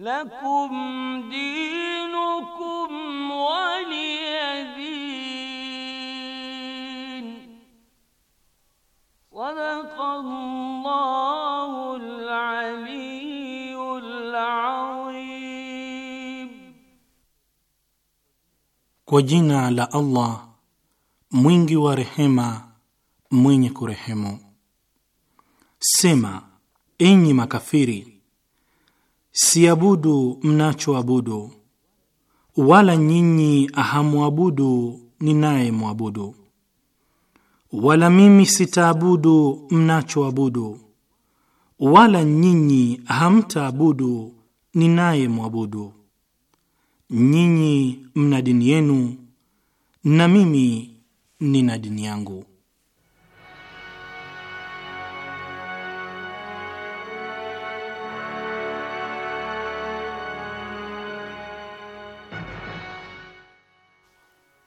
Lakum dinukum waliyadin. Kwa jina la Allah mwingi wa rehema mwenye kurehemu. Sema, enyi makafiri Siabudu mnachoabudu, wala nyinyi hamwabudu mwabudu Wala mimi sitaabudu mnachoabudu, wala nyinyi hamtaabudu mwabudu Nyinyi mna dini yenu na mimi nina dini yangu.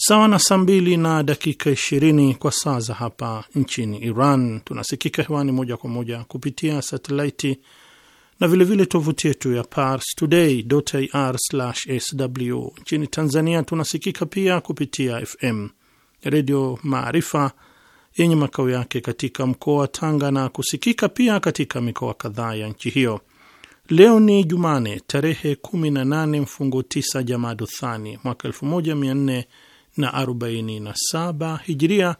sawa na saa mbili na dakika 20 kwa saa za hapa nchini Iran. Tunasikika hewani moja kwa moja kupitia satelaiti na vilevile tovuti yetu ya pars parstoday.ir/sw. Nchini Tanzania tunasikika pia kupitia FM Redio Maarifa yenye makao yake katika mkoa wa Tanga na kusikika pia katika mikoa kadhaa ya nchi hiyo. Leo ni Jumane tarehe 18 mfungo 9 Jamadu Thani mwaka na 47 Hijiria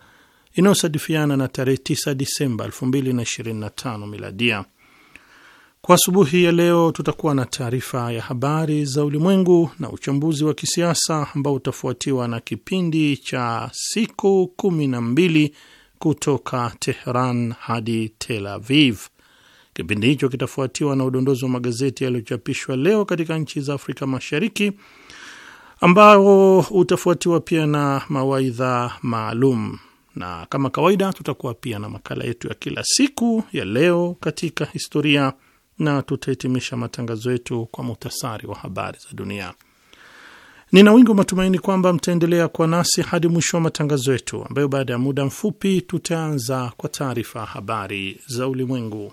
inayosadifiana na tarehe 9 Disemba 2025 Miladia. Kwa asubuhi ya leo tutakuwa na taarifa ya habari za ulimwengu na uchambuzi wa kisiasa ambao utafuatiwa na kipindi cha siku kumi na mbili kutoka Tehran hadi Tel Aviv. Kipindi hicho kitafuatiwa na udondozi wa magazeti yaliyochapishwa leo katika nchi za Afrika Mashariki ambao utafuatiwa pia na mawaidha maalum, na kama kawaida tutakuwa pia na makala yetu ya kila siku ya leo katika historia, na tutahitimisha matangazo yetu kwa muhtasari wa habari za dunia. Nina wingi wa matumaini kwamba mtaendelea kuwa nasi hadi mwisho wa matangazo yetu, ambayo baada ya muda mfupi tutaanza kwa taarifa habari za ulimwengu.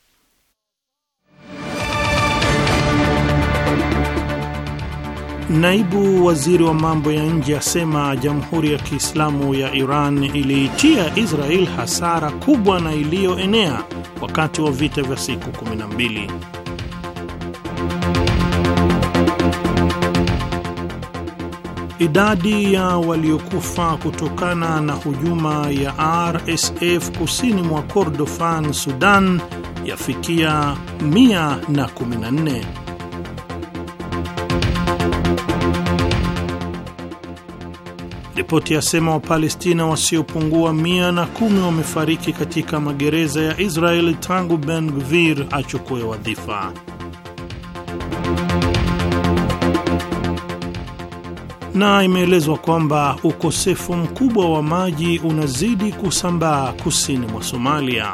Naibu waziri wa mambo ya nje asema Jamhuri ya Kiislamu ya Iran iliitia Israel hasara kubwa na iliyoenea wakati wa vita vya siku 12. Idadi ya waliokufa kutokana na hujuma ya RSF kusini mwa Kordofan, Sudan yafikia 114. Ripoti yasema Wapalestina wasiopungua mia na kumi wamefariki katika magereza ya Israeli tangu Ben Gvir achukue wadhifa. Na imeelezwa kwamba ukosefu mkubwa wa maji unazidi kusambaa kusini mwa Somalia.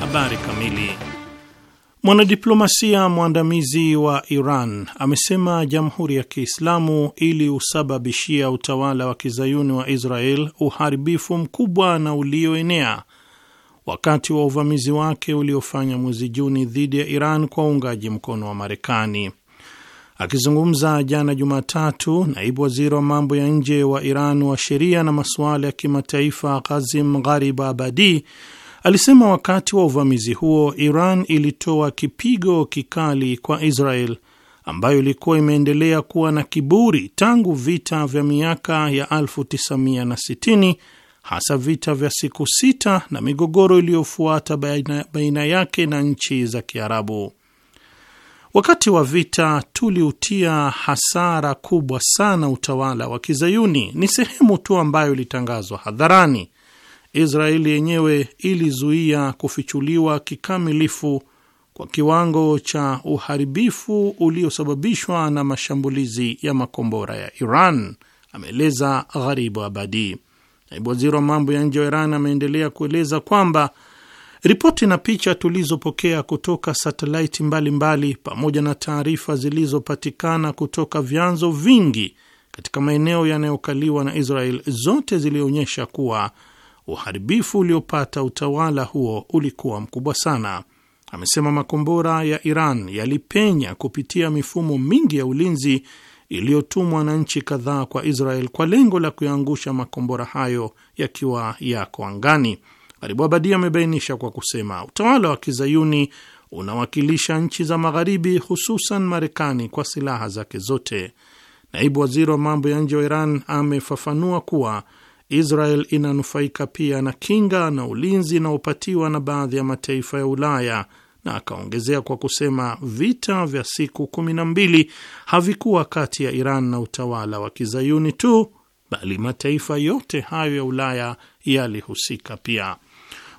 Habari kamili Mwanadiplomasia mwandamizi wa Iran amesema Jamhuri ya Kiislamu usababishia utawala wa kizayuni wa Israel uharibifu mkubwa na ulioenea wakati wa uvamizi wake uliofanya mwezi Juni dhidi ya Iran kwa uungaji mkono wa Marekani. Akizungumza jana Jumatatu, naibu waziri wa mambo ya nje wa Iran wa sheria na masuala ya kimataifa Kazim Gharib Abadi Alisema wakati wa uvamizi huo Iran ilitoa kipigo kikali kwa Israel ambayo ilikuwa imeendelea kuwa na kiburi tangu vita vya miaka ya 1960 hasa vita vya siku sita na migogoro iliyofuata baina, baina yake na nchi za Kiarabu. Wakati wa vita tuliutia hasara kubwa sana utawala wa Kizayuni, ni sehemu tu ambayo ilitangazwa hadharani Israeli yenyewe ilizuia kufichuliwa kikamilifu kwa kiwango cha uharibifu uliosababishwa na mashambulizi ya makombora ya Iran, ameeleza Gharibu Abadi. Naibu waziri wa mambo ya nje wa Iran ameendelea kueleza kwamba ripoti na picha tulizopokea kutoka satelaiti mbalimbali pamoja na taarifa zilizopatikana kutoka vyanzo vingi katika maeneo yanayokaliwa na Israel zote zilionyesha kuwa uharibifu uliopata utawala huo ulikuwa mkubwa sana. Amesema makombora ya Iran yalipenya kupitia mifumo mingi ya ulinzi iliyotumwa na nchi kadhaa kwa Israel kwa lengo la kuyaangusha makombora hayo yakiwa yako angani. Gharibu Abadi amebainisha kwa kusema utawala wa kizayuni unawakilisha nchi za Magharibi, hususan Marekani, kwa silaha zake zote. Naibu waziri wa mambo ya nje wa Iran amefafanua kuwa Israel inanufaika pia na kinga na ulinzi inaopatiwa na baadhi ya mataifa ya Ulaya, na akaongezea kwa kusema vita vya siku kumi na mbili havikuwa kati ya Iran na utawala wa kizayuni tu, bali mataifa yote hayo ya Ulaya yalihusika pia.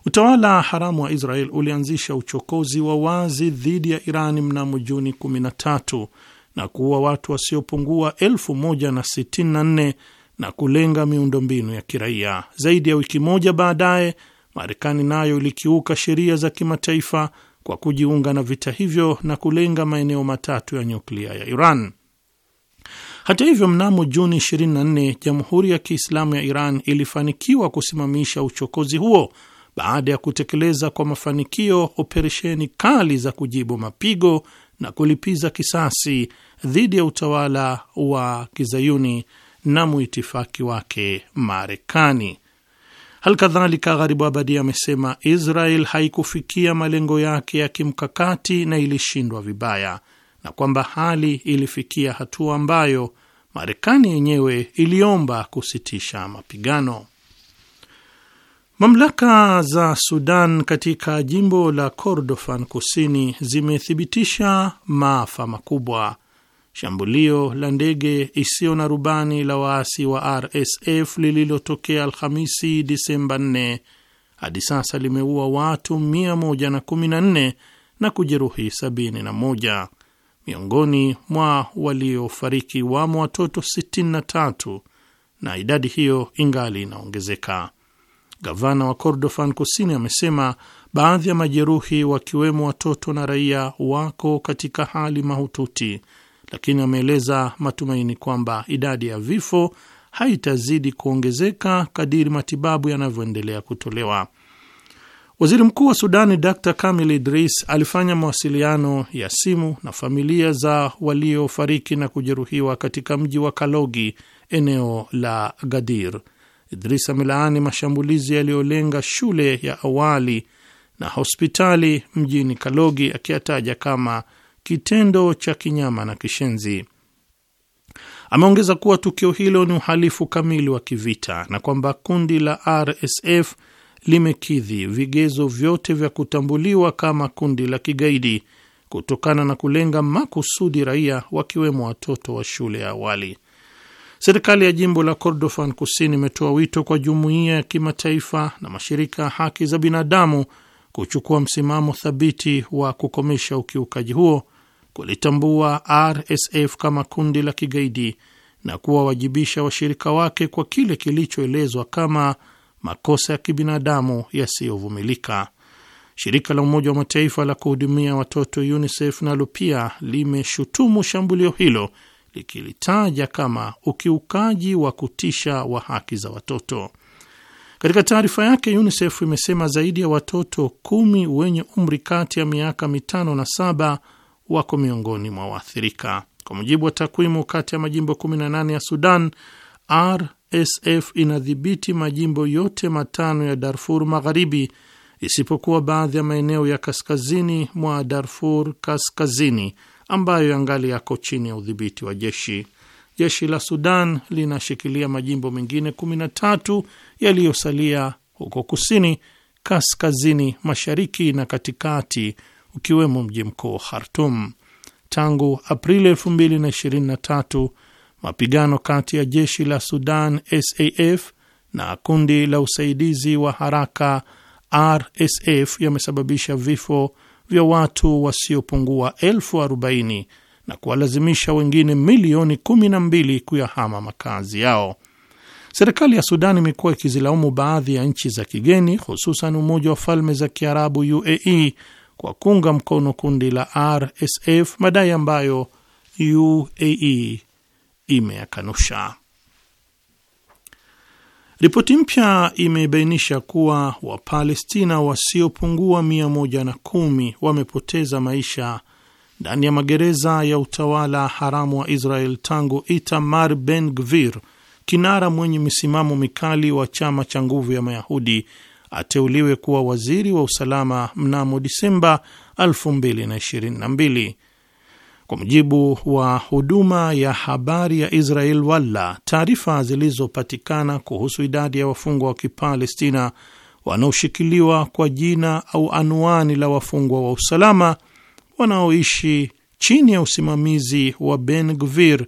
Utawala haramu wa Israel ulianzisha uchokozi wa wazi dhidi ya Iran mnamo Juni 13 na kuua watu wasiopungua 1064 na kulenga miundombinu ya kiraia. Zaidi ya wiki moja baadaye, Marekani nayo ilikiuka sheria za kimataifa kwa kujiunga na vita hivyo na kulenga maeneo matatu ya nyuklia ya Iran. Hata hivyo, mnamo Juni 24 Jamhuri ya Kiislamu ya Iran ilifanikiwa kusimamisha uchokozi huo baada ya kutekeleza kwa mafanikio operesheni kali za kujibu mapigo na kulipiza kisasi dhidi ya utawala wa Kizayuni na mwitifaki wake Marekani. Hal kadhalika Gharibu Abadi amesema Israel haikufikia malengo yake ya kimkakati na ilishindwa vibaya, na kwamba hali ilifikia hatua ambayo Marekani yenyewe iliomba kusitisha mapigano. Mamlaka za Sudan katika jimbo la Kordofan kusini zimethibitisha maafa makubwa Shambulio la ndege isiyo na rubani la waasi wa RSF lililotokea Alhamisi Disemba 4 hadi sasa limeua watu 114 na kujeruhi 71. Miongoni mwa waliofariki wamo watoto 63 na idadi hiyo ingali inaongezeka. Gavana wa Kordofan Kusini amesema baadhi ya majeruhi wakiwemo watoto na raia wako katika hali mahututi lakini ameeleza matumaini kwamba idadi ya vifo haitazidi kuongezeka kadiri matibabu yanavyoendelea kutolewa. Waziri Mkuu wa Sudani Dr Kamil Idris alifanya mawasiliano ya simu na familia za waliofariki na kujeruhiwa katika mji wa Kalogi, eneo la Gadir. Idris amelaani mashambulizi yaliyolenga shule ya awali na hospitali mjini Kalogi, akiyataja kama kitendo cha kinyama na kishenzi. Ameongeza kuwa tukio hilo ni uhalifu kamili wa kivita na kwamba kundi la RSF limekidhi vigezo vyote vya kutambuliwa kama kundi la kigaidi kutokana na kulenga makusudi raia wakiwemo watoto wa shule ya awali. Serikali ya jimbo la Kordofan Kusini imetoa wito kwa jumuiya ya kimataifa na mashirika ya haki za binadamu kuchukua msimamo thabiti wa kukomesha ukiukaji huo kulitambua RSF kama kundi la kigaidi na kuwawajibisha washirika wake kwa kile kilichoelezwa kama makosa ya kibinadamu yasiyovumilika. Shirika la Umoja wa Mataifa la kuhudumia watoto UNICEF nalo pia limeshutumu shambulio hilo likilitaja kama ukiukaji wa kutisha wa haki za watoto. Katika taarifa yake, UNICEF imesema zaidi ya watoto kumi wenye umri kati ya miaka mitano na saba wako miongoni mwa waathirika. Kwa mujibu wa takwimu, kati ya majimbo 18 ya Sudan, RSF inadhibiti majimbo yote matano ya Darfur Magharibi isipokuwa baadhi ya maeneo ya kaskazini mwa Darfur Kaskazini ambayo yangali yako chini ya udhibiti wa jeshi. Jeshi la Sudan linashikilia majimbo mengine 13 yaliyosalia huko kusini, kaskazini, mashariki na katikati ukiwemo mji mkuu Khartum. Tangu Aprili 2023 mapigano kati ya jeshi la Sudan SAF na kundi la usaidizi wa haraka RSF yamesababisha vifo vya watu wasiopungua elfu arobaini na kuwalazimisha wengine milioni 12 kuyahama makazi yao. Serikali ya Sudan imekuwa ikizilaumu baadhi ya nchi za kigeni, hususan Umoja wa Falme za Kiarabu UAE kwa kuunga mkono kundi la RSF, madai ambayo UAE imeyakanusha. Ripoti mpya imebainisha kuwa Wapalestina wasiopungua 110 wamepoteza maisha ndani ya magereza ya utawala haramu wa Israel tangu Itamar Ben Gvir, kinara mwenye misimamo mikali wa chama cha nguvu ya Mayahudi, ateuliwe kuwa waziri wa usalama mnamo Disemba 2022. Kwa mujibu wa huduma ya habari ya Israel Walla, taarifa zilizopatikana kuhusu idadi ya wafungwa wa Kipalestina wanaoshikiliwa kwa jina au anwani la wafungwa wa usalama wanaoishi chini ya usimamizi wa Ben Gvir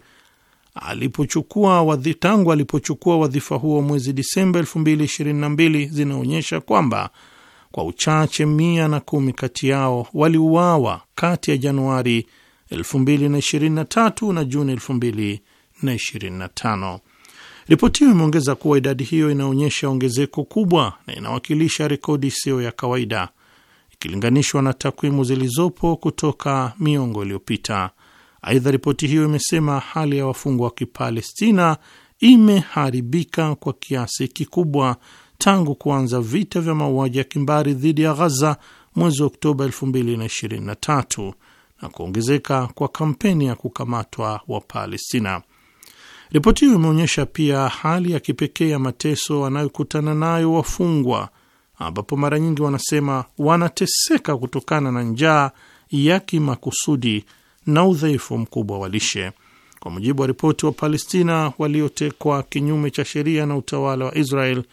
alipochukua wadhi, tangu alipochukua wadhifa huo mwezi Disemba 2022 zinaonyesha kwamba kwa uchache mia na kumi kati yao waliuawa kati ya Januari 2023 na Juni 2025. Ripoti hiyo imeongeza kuwa idadi hiyo inaonyesha ongezeko kubwa na inawakilisha rekodi isiyo ya kawaida ikilinganishwa na takwimu zilizopo kutoka miongo iliyopita. Aidha, ripoti hiyo imesema hali ya wafungwa wa Kipalestina imeharibika kwa kiasi kikubwa tangu kuanza vita vya mauaji ya kimbari dhidi ya Ghaza mwezi Oktoba 2023 na kuongezeka kwa kampeni ya kukamatwa wa Palestina. Ripoti hiyo imeonyesha pia hali ya kipekee ya mateso wanayokutana nayo wafungwa, ambapo mara nyingi wanasema wanateseka kutokana na njaa ya kimakusudi na udhaifu mkubwa wa lishe. Kwa mujibu wa ripoti, wa Palestina waliotekwa kinyume cha sheria na utawala wa Israel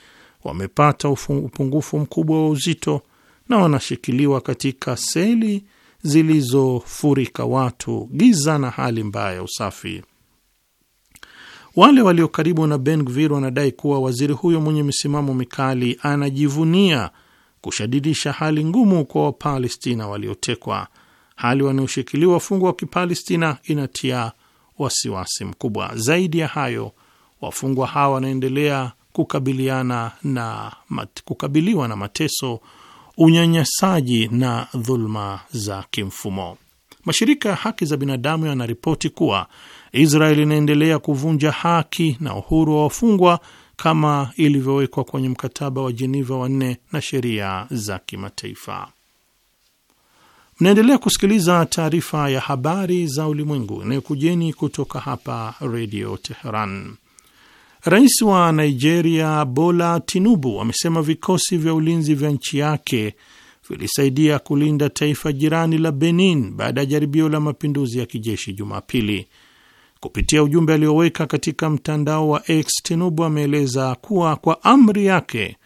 wamepata upungufu mkubwa wa uzito na wanashikiliwa katika seli zilizofurika watu, giza na hali mbaya ya usafi. Wale walio karibu na Ben Gvir wanadai kuwa waziri huyo mwenye misimamo mikali anajivunia kushadidisha hali ngumu kwa Wapalestina waliotekwa hali wanaoshikiliwa wafungwa wa Kipalestina inatia wasiwasi mkubwa. Zaidi ya hayo, wafungwa hawa wanaendelea kukabiliana na mat, kukabiliwa na mateso, unyanyasaji na dhuluma za kimfumo. Mashirika ya haki za binadamu yanaripoti kuwa Israeli inaendelea kuvunja haki na uhuru wa wafungwa kama ilivyowekwa kwenye mkataba wa Jeniva wanne na sheria za kimataifa. Mnaendelea kusikiliza taarifa ya habari za ulimwengu inayokujeni kutoka hapa Redio Teheran. Rais wa Nigeria Bola Tinubu amesema vikosi vya ulinzi vya nchi yake vilisaidia kulinda taifa jirani la Benin baada ya jaribio la mapinduzi ya kijeshi Jumapili. Kupitia ujumbe alioweka katika mtandao wa X, Tinubu ameeleza kuwa kwa amri yake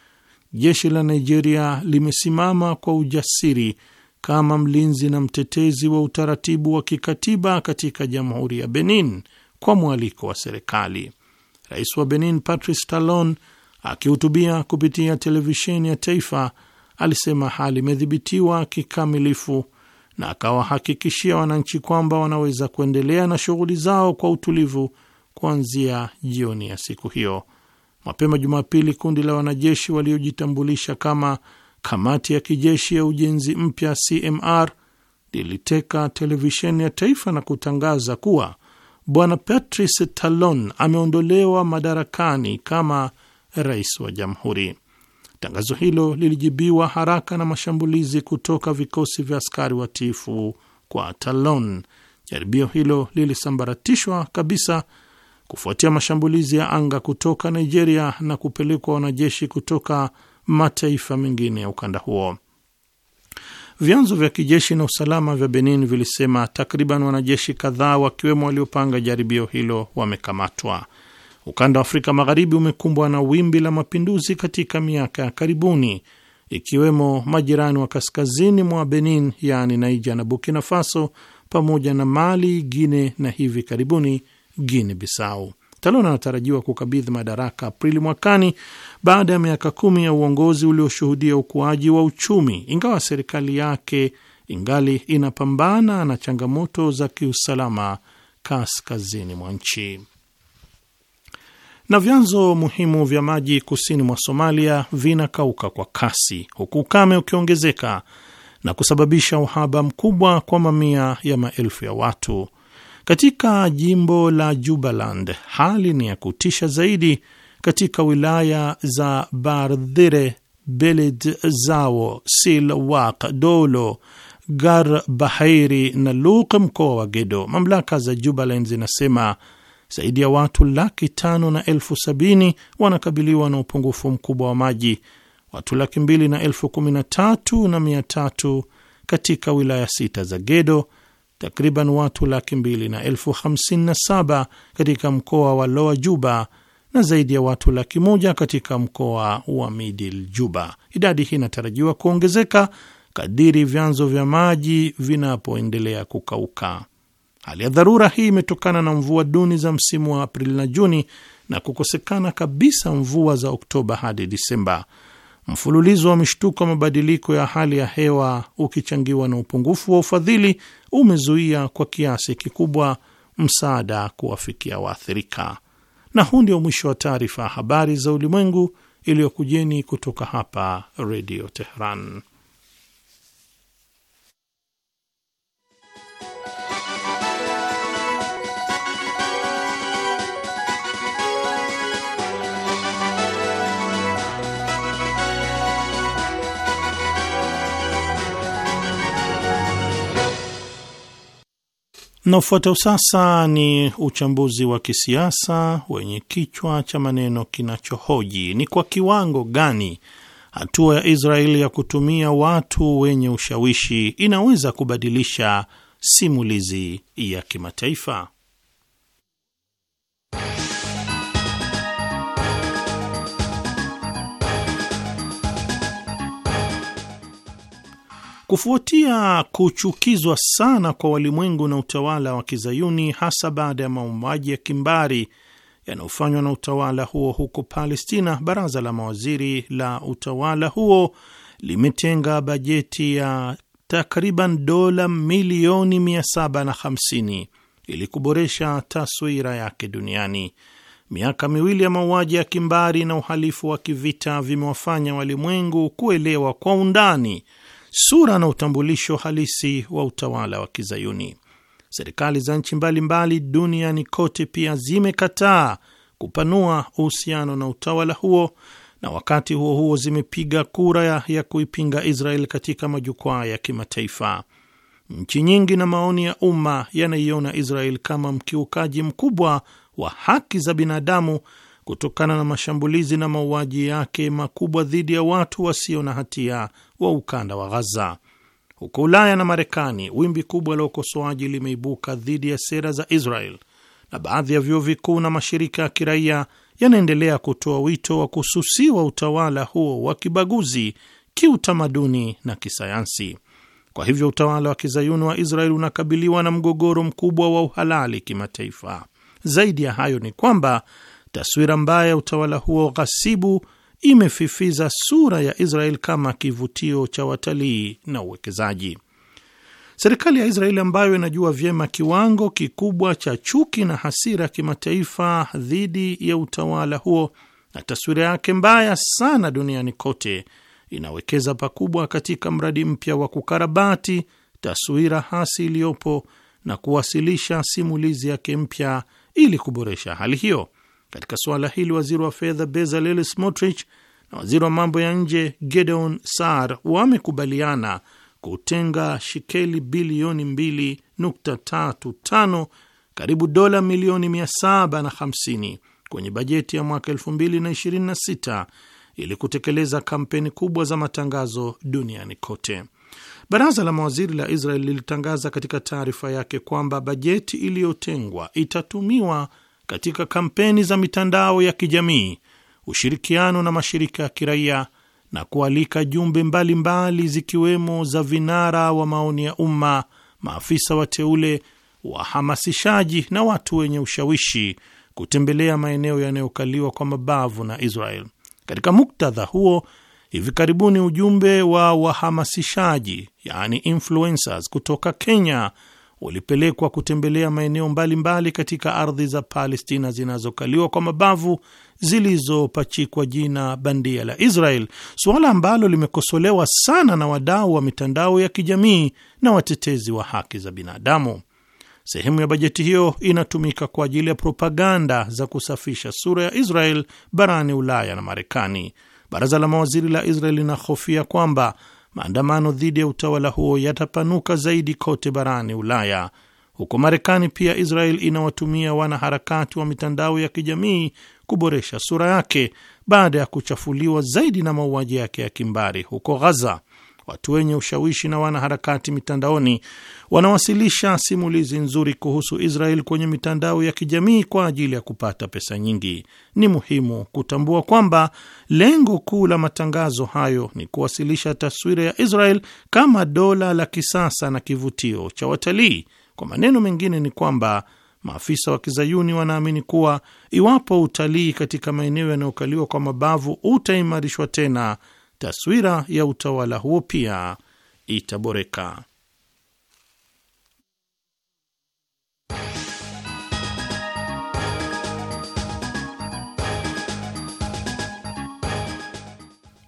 jeshi la Nigeria limesimama kwa ujasiri kama mlinzi na mtetezi wa utaratibu wa kikatiba katika jamhuri ya Benin kwa mwaliko wa serikali. Rais wa Benin Patrice Talon akihutubia kupitia televisheni ya taifa alisema hali imedhibitiwa kikamilifu na akawahakikishia wananchi kwamba wanaweza kuendelea na shughuli zao kwa utulivu kuanzia jioni ya siku hiyo. Mapema Jumapili, kundi la wanajeshi waliojitambulisha kama kamati ya kijeshi ya ujenzi mpya CMR liliteka televisheni ya taifa na kutangaza kuwa bwana Patrice Talon ameondolewa madarakani kama rais wa jamhuri. Tangazo hilo lilijibiwa haraka na mashambulizi kutoka vikosi vya askari watifu kwa Talon. Jaribio hilo lilisambaratishwa kabisa kufuatia mashambulizi ya anga kutoka Nigeria na kupelekwa wanajeshi kutoka mataifa mengine ya ukanda huo. Vyanzo vya kijeshi na usalama vya Benin vilisema takriban wanajeshi kadhaa wakiwemo waliopanga jaribio hilo wamekamatwa. Ukanda wa Afrika Magharibi umekumbwa na wimbi la mapinduzi katika miaka ya karibuni, ikiwemo majirani wa kaskazini mwa Benin, yaani Naija na Burkina Faso, pamoja na Mali, Guine na hivi karibuni Guine Bissau. Mtalo anatarajiwa kukabidhi madaraka Aprili mwakani baada ya miaka kumi ya uongozi ulioshuhudia ukuaji wa uchumi, ingawa serikali yake ingali inapambana na changamoto za kiusalama kaskazini mwa nchi. Na vyanzo muhimu vya maji kusini mwa Somalia vinakauka kwa kasi, huku ukame ukiongezeka na kusababisha uhaba mkubwa kwa mamia ya maelfu ya watu. Katika jimbo la Jubaland hali ni ya kutisha zaidi katika wilaya za Bardhire, Beled Zawo, Silwak, Dolo, Gar Bahairi na luk mkoa wa Gedo. Mamlaka za Jubaland zinasema zaidi ya watu laki tano na elfu sabini wanakabiliwa na upungufu mkubwa wa maji, watu laki mbili na elfu kumi na tatu na mia tatu katika wilaya sita za Gedo takriban watu laki mbili na elfu hamsini na saba katika mkoa wa Loa Juba na zaidi ya watu laki moja katika mkoa wa Midil Juba. Idadi hii inatarajiwa kuongezeka kadiri vyanzo vya maji vinapoendelea kukauka. Hali ya dharura hii imetokana na mvua duni za msimu wa Aprili na Juni na kukosekana kabisa mvua za Oktoba hadi Disemba. Mfululizo wa mishtuko mabadiliko ya hali ya hewa ukichangiwa na upungufu wa ufadhili umezuia kwa kiasi kikubwa msaada kuwafikia waathirika. Na huu ndio mwisho wa taarifa ya habari za ulimwengu iliyokujeni kutoka hapa Redio Teheran. Na sasa ni uchambuzi wa kisiasa wenye kichwa cha maneno kinachohoji ni kwa kiwango gani hatua ya Israeli ya kutumia watu wenye ushawishi inaweza kubadilisha simulizi ya kimataifa. Kufuatia kuchukizwa sana kwa walimwengu na utawala wa Kizayuni, hasa baada ya mauaji ya kimbari yanayofanywa na utawala huo huko Palestina, baraza la mawaziri la utawala huo limetenga bajeti ya takriban dola milioni 750 ili kuboresha taswira yake duniani. Miaka miwili ya mauaji ya kimbari na uhalifu wa kivita vimewafanya walimwengu kuelewa kwa undani sura na utambulisho halisi wa utawala wa Kizayuni. Serikali za nchi mbalimbali duniani kote pia zimekataa kupanua uhusiano na utawala huo na wakati huo huo zimepiga kura ya, ya kuipinga Israel katika majukwaa ya kimataifa. Nchi nyingi na maoni ya umma yanaiona Israel kama mkiukaji mkubwa wa haki za binadamu kutokana na mashambulizi na mauaji yake makubwa dhidi ya watu wasio na hatia wa ukanda wa Ghaza. Huko Ulaya na Marekani, wimbi kubwa la ukosoaji limeibuka dhidi ya sera za Israel na baadhi ya vyuo vikuu na mashirika ya kiraia yanaendelea kutoa wito wa kususiwa utawala huo wa kibaguzi kiutamaduni na kisayansi. Kwa hivyo utawala wa kizayuni wa Israel unakabiliwa na mgogoro mkubwa wa uhalali kimataifa. Zaidi ya hayo ni kwamba Taswira mbaya ya utawala huo ghasibu imefifiza sura ya Israel kama kivutio cha watalii na uwekezaji. Serikali ya Israeli ambayo inajua vyema kiwango kikubwa cha chuki na hasira ya kimataifa dhidi ya utawala huo na taswira yake mbaya sana duniani kote, inawekeza pakubwa katika mradi mpya wa kukarabati taswira hasi iliyopo na kuwasilisha simulizi yake mpya ili kuboresha hali hiyo. Katika suala hili waziri wa fedha Bezalel Smotrich na waziri wa mambo ya nje Gedeon Sar wamekubaliana kutenga shikeli bilioni 2.35 karibu dola milioni 750 kwenye bajeti ya mwaka 2026 ili kutekeleza kampeni kubwa za matangazo duniani kote. Baraza la mawaziri la Israel lilitangaza katika taarifa yake kwamba bajeti iliyotengwa itatumiwa katika kampeni za mitandao ya kijamii, ushirikiano na mashirika ya kiraia na kualika jumbe mbalimbali zikiwemo za vinara wa maoni ya umma, maafisa wateule, wahamasishaji na watu wenye ushawishi kutembelea maeneo yanayokaliwa kwa mabavu na Israel. Katika muktadha huo, hivi karibuni ujumbe wa wahamasishaji, yani influencers, kutoka Kenya walipelekwa kutembelea maeneo mbalimbali katika ardhi za Palestina zinazokaliwa kwa mabavu zilizopachikwa jina bandia la Israel, suala ambalo limekosolewa sana na wadau wa mitandao ya kijamii na watetezi wa haki za binadamu. Sehemu ya bajeti hiyo inatumika kwa ajili ya propaganda za kusafisha sura ya Israel barani Ulaya na Marekani. Baraza la mawaziri la Israel linahofia kwamba maandamano dhidi ya utawala huo yatapanuka zaidi kote barani Ulaya. Huko Marekani pia, Israel inawatumia wanaharakati wa mitandao ya kijamii kuboresha sura yake baada ya kuchafuliwa zaidi na mauaji yake ya kimbari huko Ghaza watu wenye ushawishi na wanaharakati mitandaoni wanawasilisha simulizi nzuri kuhusu Israel kwenye mitandao ya kijamii kwa ajili ya kupata pesa nyingi. Ni muhimu kutambua kwamba lengo kuu la matangazo hayo ni kuwasilisha taswira ya Israel kama dola la kisasa na kivutio cha watalii. Kwa maneno mengine, ni kwamba maafisa wa kizayuni wanaamini kuwa iwapo utalii katika maeneo yanayokaliwa kwa mabavu utaimarishwa tena taswira ya utawala huo pia itaboreka.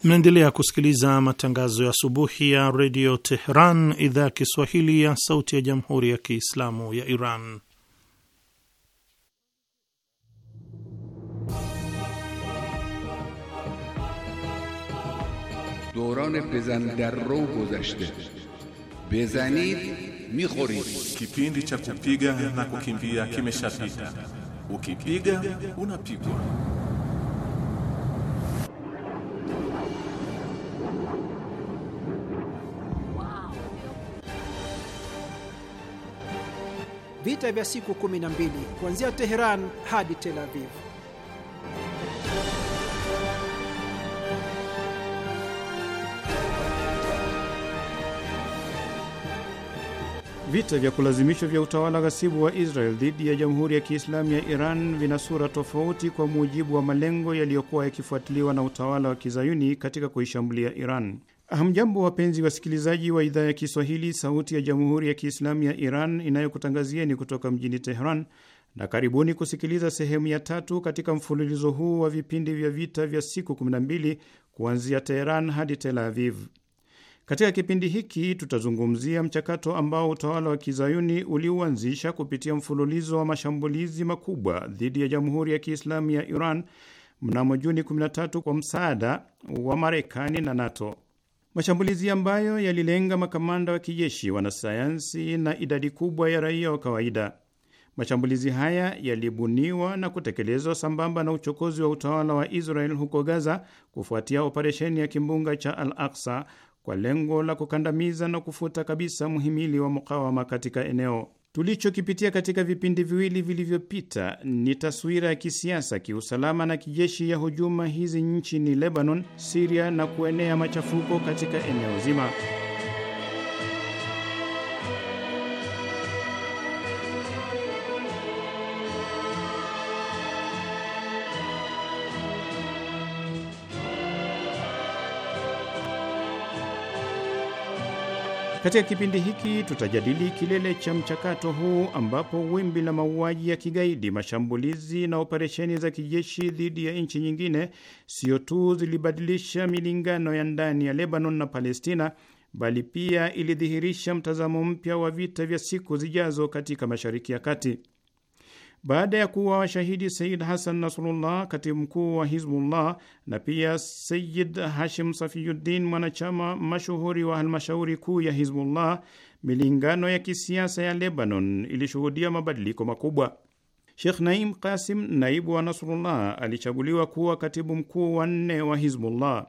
Mnaendelea kusikiliza matangazo ya asubuhi ya redio Tehran, idhaa ya Kiswahili ya sauti ya jamhuri ya kiislamu ya Iran. دوران بزن در رو گذشته بزنید میخورید چا kipindi cha kupiga na kukimbia kimeshapita اونا unapigwa vita vya siku 12 kuanzia Teheran hadi Tel Aviv Vita vya kulazimishwa vya utawala ghasibu wa Israel dhidi ya Jamhuri ya Kiislamu ya Iran vina sura tofauti kwa mujibu wa malengo yaliyokuwa yakifuatiliwa na utawala wa Kizayuni katika kuishambulia Iran. Hamjambo, wapenzi wasikilizaji wa idhaa ya Kiswahili, Sauti ya Jamhuri ya Kiislamu ya Iran inayokutangazieni kutoka mjini Teheran, na karibuni kusikiliza sehemu ya tatu katika mfululizo huu wa vipindi vya vita vya siku 12 kuanzia Teheran hadi Tel Aviv. Katika kipindi hiki tutazungumzia mchakato ambao utawala wa kizayuni uliuanzisha kupitia mfululizo wa mashambulizi makubwa dhidi ya Jamhuri ya Kiislamu ya Iran mnamo Juni 13 kwa msaada wa Marekani na NATO, mashambulizi ambayo yalilenga makamanda wa kijeshi, wanasayansi na idadi kubwa ya raia wa kawaida. Mashambulizi haya yalibuniwa na kutekelezwa sambamba na uchokozi wa utawala wa Israel huko Gaza kufuatia operesheni ya kimbunga cha Al Aksa kwa lengo la kukandamiza na kufuta kabisa muhimili wa mukawama katika eneo. Tulichokipitia katika vipindi viwili vilivyopita ni taswira ya kisiasa, kiusalama na kijeshi ya hujuma hizi nchini Lebanon, Siria na kuenea machafuko katika eneo zima. Katika kipindi hiki tutajadili kilele cha mchakato huu ambapo wimbi la mauaji ya kigaidi, mashambulizi na operesheni za kijeshi dhidi ya nchi nyingine sio tu zilibadilisha milingano ya ndani ya Lebanon na Palestina, bali pia ilidhihirisha mtazamo mpya wa vita vya siku zijazo katika Mashariki ya Kati. Baada ya kuwa washahidi Sayid Hasan Nasrullah, katibu mkuu wa Hizbullah, na pia Sayid Hashim Safiyuddin, mwanachama mashuhuri wa halmashauri kuu ya Hizbullah, milingano ya kisiasa ya Lebanon ilishuhudia mabadiliko makubwa. Shekh Naim Kasim, naibu wa Nasrullah, alichaguliwa kuwa katibu mkuu wa nne wa Hizbullah.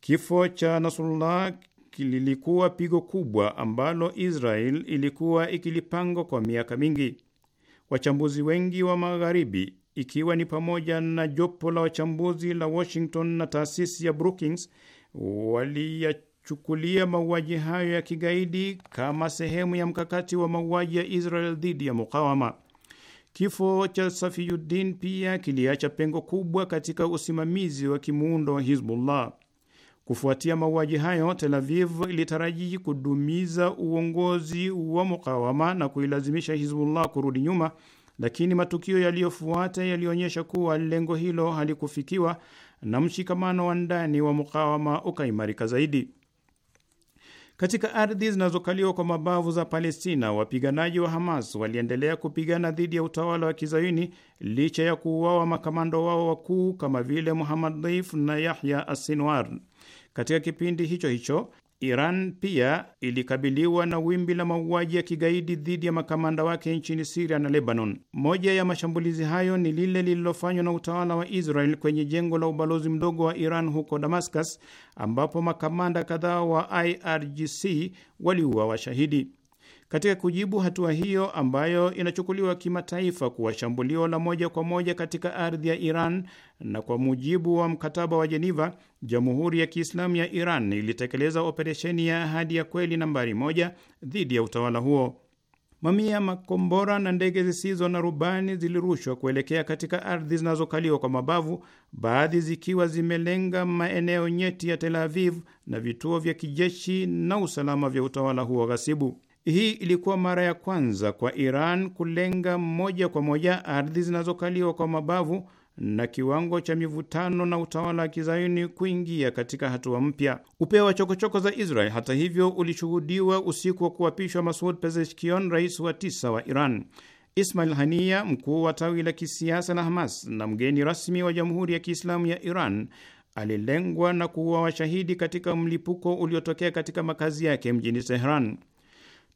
Kifo cha Nasrullah kilikuwa pigo kubwa ambalo Israel ilikuwa ikilipangwa kwa miaka mingi. Wachambuzi wengi wa Magharibi, ikiwa ni pamoja na jopo la wachambuzi la Washington na taasisi ya Brookings, waliyachukulia mauaji hayo ya kigaidi kama sehemu ya mkakati wa mauaji ya Israel dhidi ya mukawama. Kifo cha Safiyuddin pia kiliacha pengo kubwa katika usimamizi wa kimuundo wa Hizbullah. Kufuatia mauaji hayo, Tel Aviv ilitaraji kudumiza uongozi wa mukawama na kuilazimisha Hizbullah kurudi nyuma, lakini matukio yaliyofuata yalionyesha kuwa lengo hilo halikufikiwa na mshikamano wa ndani wa mukawama ukaimarika zaidi. Katika ardhi zinazokaliwa kwa mabavu za Palestina, wapiganaji wa Hamas waliendelea kupigana dhidi ya utawala wa kizayuni licha ya kuuawa makamando wao wakuu kama vile Muhammad Daif na Yahya Asinwar. Katika kipindi hicho hicho, Iran pia ilikabiliwa na wimbi la mauaji ya kigaidi dhidi ya makamanda wake nchini Siria na Lebanon. Moja ya mashambulizi hayo ni lile lililofanywa na utawala wa Israel kwenye jengo la ubalozi mdogo wa Iran huko Damascus, ambapo makamanda kadhaa wa IRGC waliuawa washahidi. Katika kujibu hatua hiyo ambayo inachukuliwa kimataifa kuwa shambulio la moja kwa moja katika ardhi ya Iran na kwa mujibu wa mkataba wa Jeniva, Jamhuri ya Kiislamu ya Iran ilitekeleza operesheni ya Ahadi ya Kweli nambari moja dhidi ya utawala huo. Mamia makombora na ndege zisizo na rubani zilirushwa kuelekea katika ardhi zinazokaliwa kwa mabavu, baadhi zikiwa zimelenga maeneo nyeti ya Tel Aviv na vituo vya kijeshi na usalama vya utawala huo ghasibu. Hii ilikuwa mara ya kwanza kwa Iran kulenga moja kwa moja ardhi zinazokaliwa kwa mabavu na kiwango cha mivutano na utawala wa kizayuni kuingia katika hatua mpya. Upeo wa chokochoko za Israel, hata hivyo, ulishuhudiwa usiku wa kuapishwa Masud Pezeshkian, rais wa tisa wa Iran. Ismail Hania, mkuu wa tawi la kisiasa la Hamas na mgeni rasmi wa Jamhuri ya Kiislamu ya Iran, alilengwa na kuwa washahidi katika mlipuko uliotokea katika makazi yake mjini Tehran.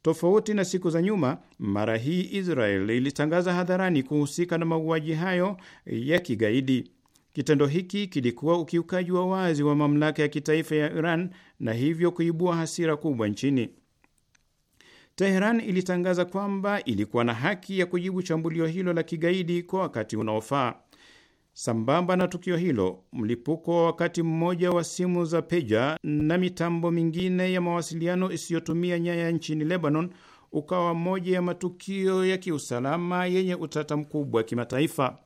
Tofauti na siku za nyuma, mara hii Israel ilitangaza hadharani kuhusika na mauaji hayo ya kigaidi. Kitendo hiki kilikuwa ukiukaji wa wazi wa mamlaka ya kitaifa ya Iran na hivyo kuibua hasira kubwa nchini. Teheran ilitangaza kwamba ilikuwa na haki ya kujibu shambulio hilo la kigaidi kwa wakati unaofaa. Sambamba na tukio hilo, mlipuko wa wakati mmoja wa simu za peja na mitambo mingine ya mawasiliano isiyotumia nyaya nchini Lebanon ukawa moja ya matukio ya kiusalama yenye utata mkubwa wa kimataifa.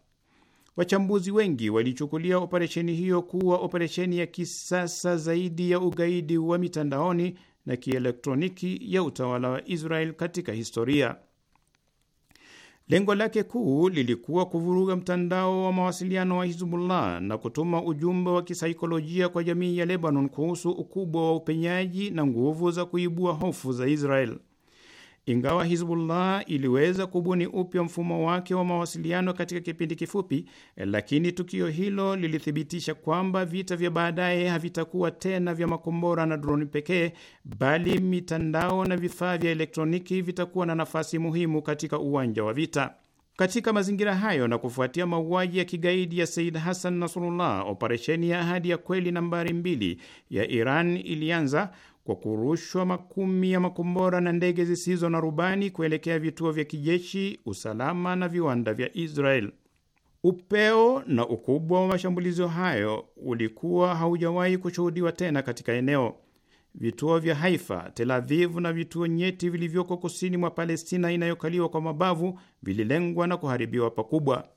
Wachambuzi wengi walichukulia operesheni hiyo kuwa operesheni ya kisasa zaidi ya ugaidi wa mitandaoni na kielektroniki ya utawala wa Israel katika historia. Lengo lake kuu lilikuwa kuvuruga mtandao wa mawasiliano wa Hizbullah na kutuma ujumbe wa kisaikolojia kwa jamii ya Lebanon kuhusu ukubwa wa upenyaji na nguvu za kuibua hofu za Israel. Ingawa Hizbullah iliweza kubuni upya mfumo wake wa mawasiliano katika kipindi kifupi, lakini tukio hilo lilithibitisha kwamba vita vya baadaye havitakuwa tena vya makombora na droni pekee, bali mitandao na vifaa vya elektroniki vitakuwa na nafasi muhimu katika uwanja wa vita. Katika mazingira hayo na kufuatia mauaji ya kigaidi ya Said Hassan Nasrullah, operesheni ya Ahadi ya Kweli nambari mbili ya Iran ilianza kwa kurushwa makumi ya makombora na ndege zisizo na rubani kuelekea vituo vya kijeshi, usalama na viwanda vya Israel. Upeo na ukubwa wa mashambulizi hayo ulikuwa haujawahi kushuhudiwa tena katika eneo. Vituo vya Haifa, Tel Aviv na vituo nyeti vilivyoko kusini mwa Palestina inayokaliwa kwa mabavu vililengwa na kuharibiwa pakubwa.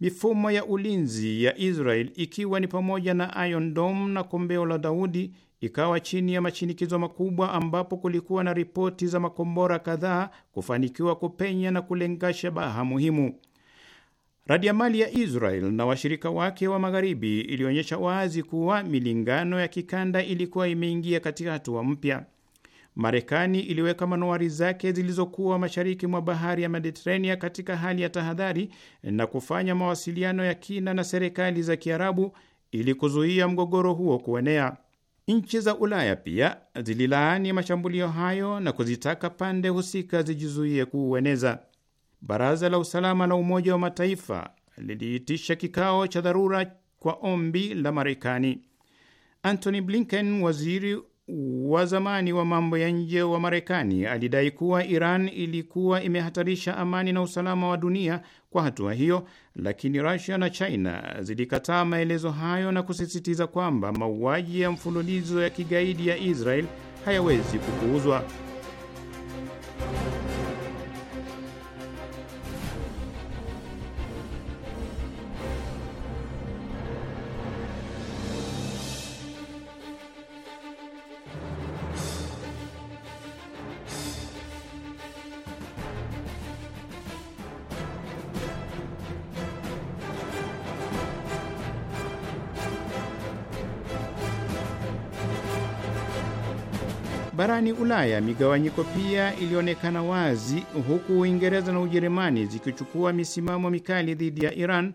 Mifumo ya ulinzi ya Israel ikiwa ni pamoja na Iron Dome na kombeo la Daudi ikawa chini ya mashinikizo makubwa, ambapo kulikuwa na ripoti za makombora kadhaa kufanikiwa kupenya na kulenga shabaha muhimu. Radiamali ya Israel na washirika wake wa magharibi ilionyesha wazi kuwa milingano ya kikanda ilikuwa imeingia katika hatua mpya. Marekani iliweka manowari zake zilizokuwa mashariki mwa bahari ya Mediterania katika hali ya tahadhari na kufanya mawasiliano ya kina na serikali za Kiarabu ili kuzuia mgogoro huo kuenea. Nchi za Ulaya pia zililaani mashambulio hayo na kuzitaka pande husika zijizuie kuueneza. Baraza la Usalama la Umoja wa Mataifa liliitisha kikao cha dharura kwa ombi la Marekani. Antony Blinken, waziri wa zamani wa mambo ya nje wa Marekani, alidai kuwa Iran ilikuwa imehatarisha amani na usalama wa dunia kwa hatua hiyo, lakini rusia na China zilikataa maelezo hayo na kusisitiza kwamba mauaji ya mfululizo ya kigaidi ya Israel hayawezi kupuuzwa. Barani Ulaya migawanyiko pia ilionekana wazi, huku Uingereza na Ujerumani zikichukua misimamo mikali dhidi ya Iran.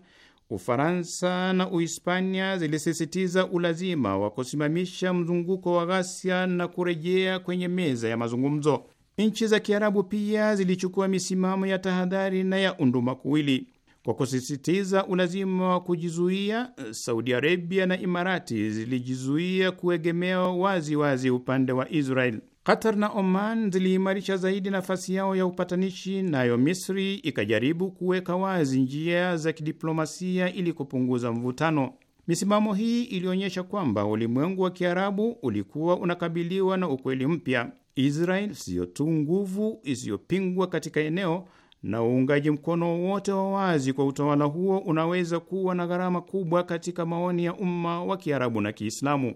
Ufaransa na Uhispania zilisisitiza ulazima wa kusimamisha mzunguko wa ghasia na kurejea kwenye meza ya mazungumzo. Nchi za Kiarabu pia zilichukua misimamo ya tahadhari na ya undumakuwili kwa kusisitiza ulazima wa kujizuia. Saudi Arabia na Imarati zilijizuia kuegemea wazi wazi upande wa Israel. Qatar na Oman ziliimarisha zaidi nafasi yao ya upatanishi, nayo Misri ikajaribu kuweka wazi njia za kidiplomasia ili kupunguza mvutano. Misimamo hii ilionyesha kwamba ulimwengu wa Kiarabu ulikuwa unakabiliwa na ukweli mpya: Israel siyo tu nguvu isiyopingwa katika eneo, na uungaji mkono wote wa wazi kwa utawala huo unaweza kuwa na gharama kubwa katika maoni ya umma wa Kiarabu na Kiislamu.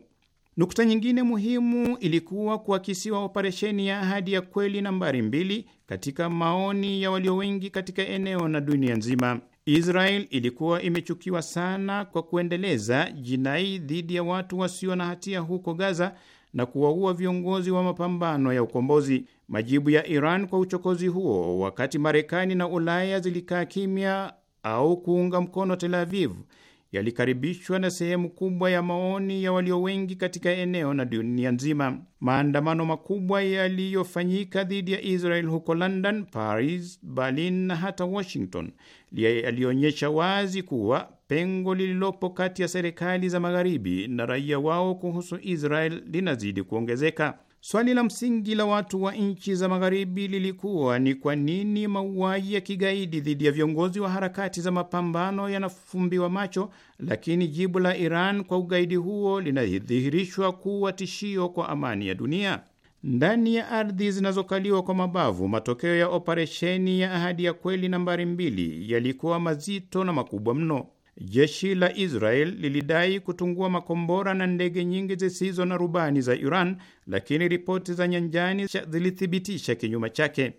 Nukta nyingine muhimu ilikuwa kuakisiwa operesheni ya ahadi ya kweli nambari mbili katika maoni ya walio wengi katika eneo na dunia nzima. Israel ilikuwa imechukiwa sana kwa kuendeleza jinai dhidi ya watu wasio na hatia huko Gaza na kuwaua viongozi wa mapambano ya ukombozi. Majibu ya Iran kwa uchokozi huo, wakati Marekani na Ulaya zilikaa kimya au kuunga mkono Tel Aviv yalikaribishwa na sehemu kubwa ya maoni ya walio wengi katika eneo na dunia nzima. Maandamano makubwa yaliyofanyika dhidi ya Israel huko London, Paris, Berlin na hata Washington yalionyesha wazi kuwa pengo lililopo kati ya serikali za magharibi na raia wao kuhusu Israel linazidi kuongezeka. Swali la msingi la watu wa nchi za magharibi lilikuwa ni kwa nini mauaji ya kigaidi dhidi ya viongozi wa harakati za mapambano yanafumbiwa macho, lakini jibu la Iran kwa ugaidi huo linadhihirishwa kuwa tishio kwa amani ya dunia. Ndani ya ardhi zinazokaliwa kwa mabavu, matokeo ya operesheni ya Ahadi ya Kweli nambari mbili yalikuwa mazito na makubwa mno jeshi la Israel lilidai kutungua makombora na ndege nyingi zisizo na rubani za Iran, lakini ripoti za nyanjani zilithibitisha kinyuma chake.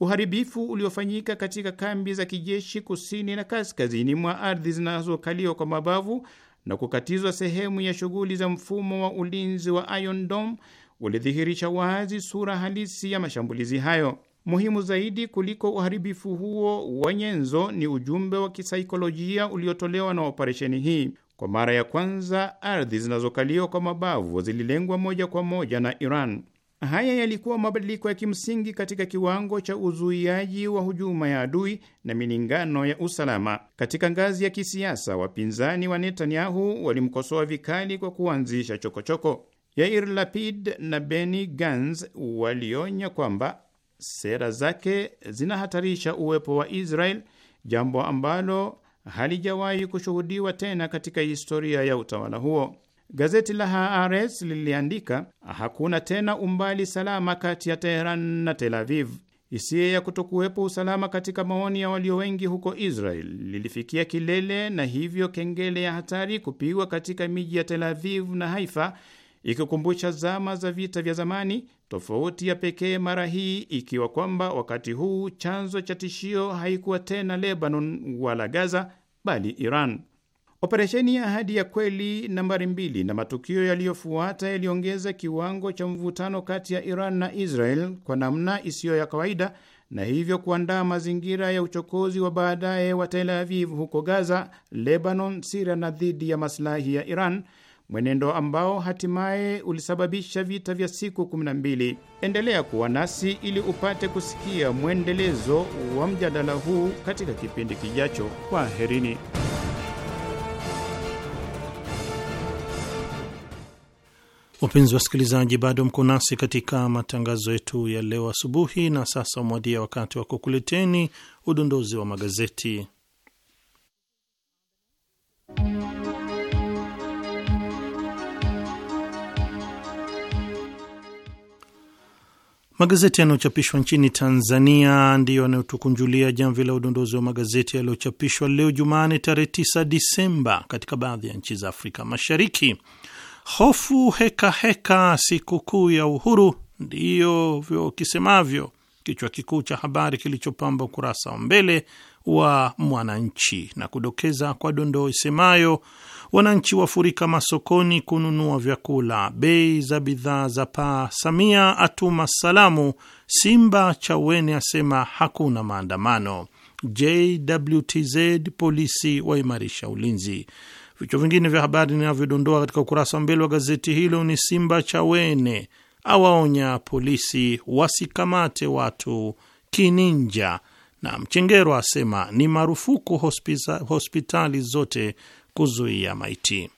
Uharibifu uliofanyika katika kambi za kijeshi kusini na kaskazini mwa ardhi zinazokaliwa kwa mabavu na kukatizwa sehemu ya shughuli za mfumo wa ulinzi wa Iron Dome ulidhihirisha wazi sura halisi ya mashambulizi hayo. Muhimu zaidi kuliko uharibifu huo wa nyenzo ni ujumbe wa kisaikolojia uliotolewa na operesheni hii. Kwa mara ya kwanza, ardhi zinazokaliwa kwa mabavu zililengwa moja kwa moja na Iran. Haya yalikuwa mabadiliko ya kimsingi katika kiwango cha uzuiaji wa hujuma ya adui na milingano ya usalama. Katika ngazi ya kisiasa, wapinzani wa Netanyahu walimkosoa vikali kwa kuanzisha chokochoko. Yair Lapid na Benny Gantz walionya kwamba sera zake zinahatarisha uwepo wa Israel, jambo ambalo halijawahi kushuhudiwa tena katika historia ya utawala huo. Gazeti la Haaretz liliandika, hakuna tena umbali salama kati ya Teheran na Tel Aviv. Hisia ya kutokuwepo usalama katika maoni ya walio wengi huko Israel lilifikia kilele, na hivyo kengele ya hatari kupigwa katika miji ya Tel Aviv na Haifa ikikumbusha zama za vita vya zamani, tofauti ya pekee mara hii ikiwa kwamba wakati huu chanzo cha tishio haikuwa tena Lebanon wala Gaza, bali Iran. Operesheni ya Ahadi ya Kweli nambari mbili na matukio yaliyofuata yaliongeza kiwango cha mvutano kati ya Iran na Israel kwa namna isiyo ya kawaida na hivyo kuandaa mazingira ya uchokozi wa baadaye wa Tel Aviv huko Gaza, Lebanon, Siria na dhidi ya masilahi ya Iran mwenendo ambao hatimaye ulisababisha vita vya siku 12. Endelea kuwa nasi ili upate kusikia mwendelezo wa mjadala huu katika kipindi kijacho. kwa herini. Wapenzi wa wasikilizaji, bado mko nasi katika matangazo yetu ya leo asubuhi, na sasa umewadia wakati wa kukuleteni udondozi wa magazeti. Magazeti yanayochapishwa nchini Tanzania ndiyo yanayotukunjulia jamvi la udondozi wa magazeti yaliyochapishwa leo Jumane tarehe 9 Disemba katika baadhi ya nchi za Afrika Mashariki. Hofu hekaheka, sikukuu ya uhuru, ndivyo kisemavyo kichwa kikuu cha habari kilichopamba ukurasa wa mbele wa Mwananchi na kudokeza kwa dondoo isemayo wananchi wafurika masokoni kununua vyakula, bei za bidhaa za paa, Samia atuma salamu, Simba Chawene asema hakuna maandamano, JWTZ polisi waimarisha ulinzi. Vichwa vingine vya habari ninavyodondoa katika ukurasa wa mbele wa gazeti hilo ni Simba Chawene awaonya polisi wasikamate watu kininja na Mchengero asema ni marufuku hospiza, hospitali zote kuzuia maiti.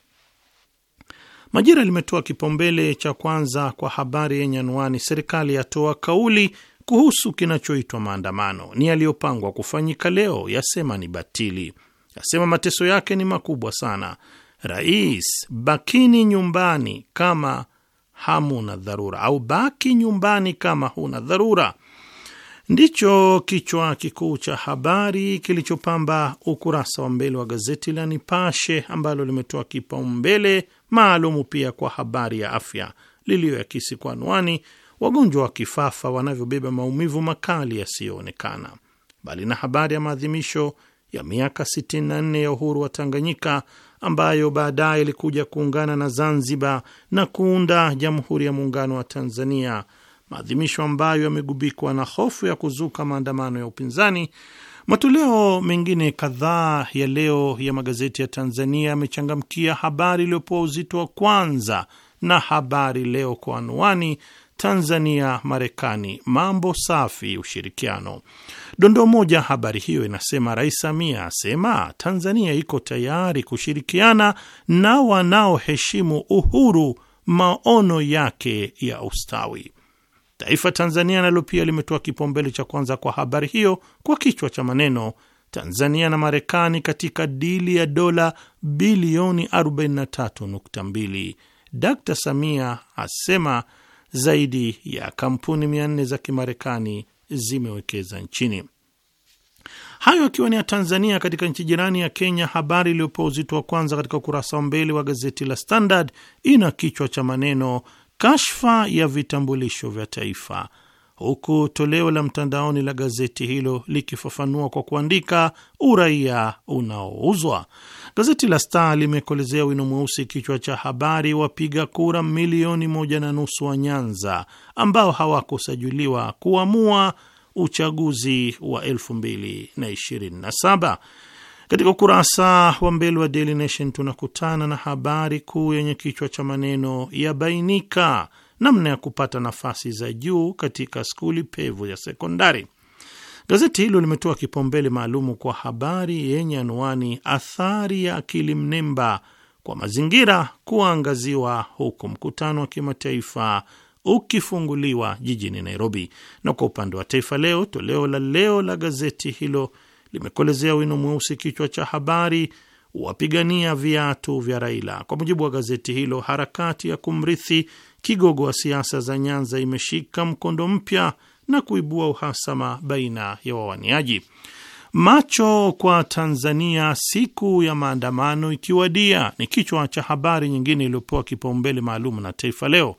Majira limetoa kipaumbele cha kwanza kwa habari yenye anwani serikali yatoa kauli kuhusu kinachoitwa maandamano ni yaliyopangwa kufanyika leo, yasema ni batili, yasema mateso yake ni makubwa sana. Rais, bakini nyumbani kama hamuna dharura, au baki nyumbani kama huna dharura ndicho kichwa kikuu cha habari kilichopamba ukurasa wa mbele wa gazeti la Nipashe ambalo limetoa kipaumbele maalumu pia kwa habari ya afya liliyoyakisi kwa anwani wagonjwa wa kifafa wanavyobeba maumivu makali yasiyoonekana. Mbali na habari ya maadhimisho ya miaka 64 ya uhuru wa Tanganyika ambayo baadaye ilikuja kuungana na Zanzibar na kuunda Jamhuri ya Muungano wa Tanzania, maadhimisho ambayo yamegubikwa na hofu ya kuzuka maandamano ya upinzani. Matoleo mengine kadhaa ya leo ya magazeti ya Tanzania yamechangamkia habari iliyopewa uzito wa kwanza na Habari Leo kwa anwani Tanzania Marekani, mambo safi, ushirikiano. Dondoo moja habari hiyo inasema, Rais Samia asema Tanzania iko tayari kushirikiana na wanaoheshimu uhuru, maono yake ya ustawi. Taifa Tanzania nalo pia limetoa kipaumbele cha kwanza kwa habari hiyo kwa kichwa cha maneno Tanzania na Marekani katika dili ya dola bilioni 43.2. d Samia asema zaidi ya kampuni 400 za Kimarekani zimewekeza nchini. Hayo akiwa ni ya Tanzania. Katika nchi jirani ya Kenya, habari iliyopewa uzito wa kwanza katika ukurasa wa mbele wa gazeti la Standard ina kichwa cha maneno kashfa ya vitambulisho vya taifa, huku toleo la mtandaoni la gazeti hilo likifafanua kwa kuandika uraia unaouzwa. Gazeti la Star limekolezea wino mweusi kichwa cha habari, wapiga kura milioni moja na nusu wa Nyanza ambao hawakusajiliwa kuamua uchaguzi wa 2027. Katika ukurasa wa mbele wa Daily Nation tunakutana na habari kuu yenye kichwa cha maneno yabainika namna ya kupata nafasi za juu katika skuli pevu ya sekondari. Gazeti hilo limetoa kipaumbele maalumu kwa habari yenye anwani athari ya akili mnemba kwa mazingira kuangaziwa huku mkutano wa kimataifa ukifunguliwa jijini Nairobi. Na kwa upande wa Taifa Leo, toleo la leo la gazeti hilo limekolezea wino mweusi kichwa cha habari wapigania viatu vya Raila. Kwa mujibu wa gazeti hilo, harakati ya kumrithi kigogo wa siasa za Nyanza imeshika mkondo mpya na kuibua uhasama baina ya wawaniaji. Macho kwa Tanzania, siku ya maandamano ikiwadia, ni kichwa cha habari nyingine iliyopewa kipaumbele maalum na Taifa Leo.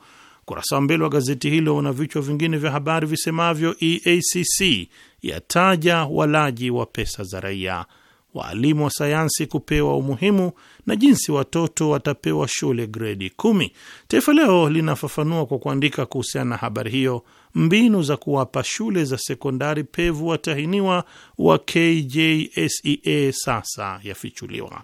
Ukurasa wa mbele wa gazeti hilo una vichwa vingine vya habari visemavyo: EACC yataja walaji wa pesa za raia, waalimu wa sayansi kupewa umuhimu, na jinsi watoto watapewa shule gredi kumi. Taifa Leo linafafanua kwa kuandika kuhusiana na habari hiyo, mbinu za kuwapa shule za sekondari pevu watahiniwa wa KJSEA sasa yafichuliwa.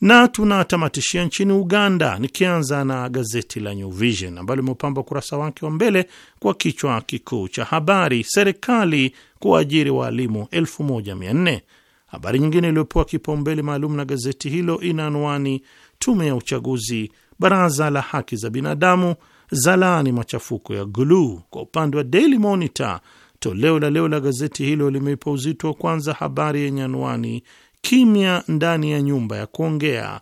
Na tunatamatishia nchini Uganda, nikianza na gazeti la New Vision ambalo limeupamba ukurasa wake wa mbele kwa kichwa kikuu cha habari, serikali kuajiri waalimu 1400. Habari nyingine iliyopewa kipaumbele maalum na gazeti hilo ina anwani, tume ya uchaguzi, baraza la haki za binadamu zalaani machafuko ya guluu. Kwa upande wa Daily Monitor, toleo la leo la gazeti hilo limeipa uzito wa kwanza habari yenye anwani kimya ndani ya nyumba ya kuongea.